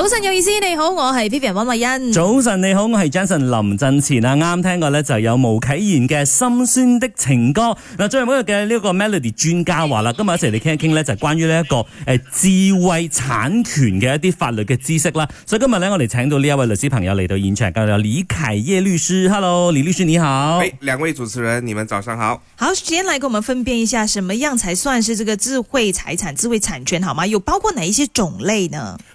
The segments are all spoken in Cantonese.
早晨，有意思，你好，我係 Vivian 溫慧欣。早晨，你好，我係 Johnson 林振前啊！啱聽過咧，就有吳啟賢嘅心酸的情歌。嗱，最後每日嘅呢個 Melody 專家話啦，今日一齊嚟傾一傾咧，就係關於呢一個誒智慧產權嘅一啲法律嘅知識啦。所以今日咧，我嚟請到呢一位律師朋友嚟到現場，就係李凱業律師。Hello，李律師你好。Hey, 兩位主持人，你們早上好。好，先嚟給我們分辨一下，什麼樣才算是這個智慧財產、智慧產權，好嗎？有包括哪一些種類呢？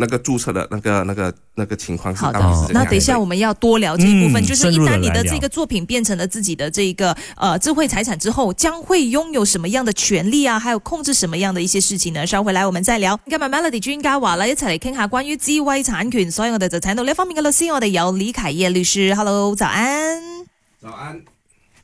那個注冊的那個、那個、那個情況是好的當時這樣。那等一下我們要多聊這一部分、嗯，就是一旦你的這個作品變成了自己的這個的呃智慧財產之後，將會擁有什麼樣的權利啊？還有控制什麼樣的一些事情呢？稍回來我們再聊。今日《Melody Jun》跟瓦拉一齊嚟聽下關於 g Y 產品所以我哋就請到呢方面嘅律師，我哋有李凱業律師。Hello，早安。早安。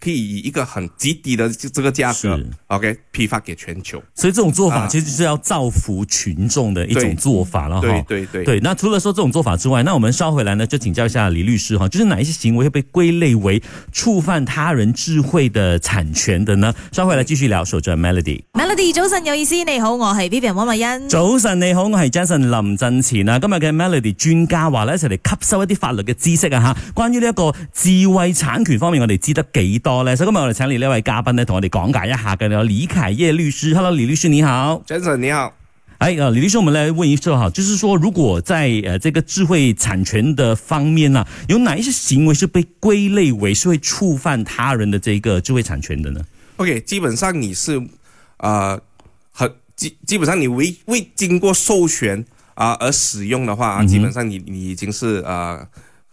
可以以一個很極低的這個價格，OK，批發給全球。所以這種做法其實就是要造福群眾的一種做法啦。對對對，對，對。那除了說這種做法之外，那我們稍後回來呢，就請教一下李律師哈，就是哪一些行為會被歸類為觸犯他人智慧的產權的呢？稍後回來繼續聊。所在 Melody，Melody 早晨有意思，你好，我是 Vivian 溫慧欣。早晨你好，我是 Jason 林振前啊。今日嘅 Melody 專家話咧，一齊嚟吸收一啲法律嘅知識啊！吓，關於呢一個智慧產權方面，我哋知得幾？多咧，今日我嚟請嚟呢位嘉賓呢，同我哋講解一下嘅李凱業律師。Hello，李律師你好，先生你好。誒、哎，呃，李律師，我們來問一下，吓，就是說，如果在呃，這個智慧產權的方面啦、啊，有哪一些行為是被歸類為是會觸犯他人的這個智慧產權的呢？OK，基本上你是，啊、呃，很基基本上你未未經過授權啊、呃、而使用的話，啊，基本上你、嗯、你已經是啊。呃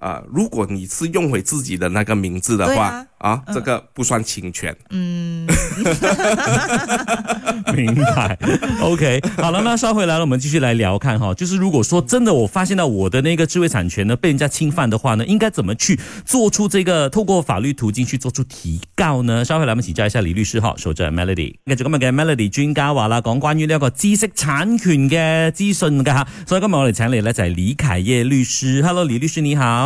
啊，如果你是用回自己的那個名字的話，啊，啊、呃，這個不算侵權。嗯， 明白。OK，好了，那稍後來了，我們繼續來聊看哈。就是如果說真的，我發現到我的那個知識產權呢被人家侵犯的話呢，應該怎麼去做出這個透過法律途徑去做出提告呢？稍後來，我們請教一下李律師哈，守着 Melody。咁就我們給 Melody 專家話啦，講關於那個知識產權的資訊的。吓。所以今日我嚟請嚟咧就係李凱業律師。Hello，李律師你好。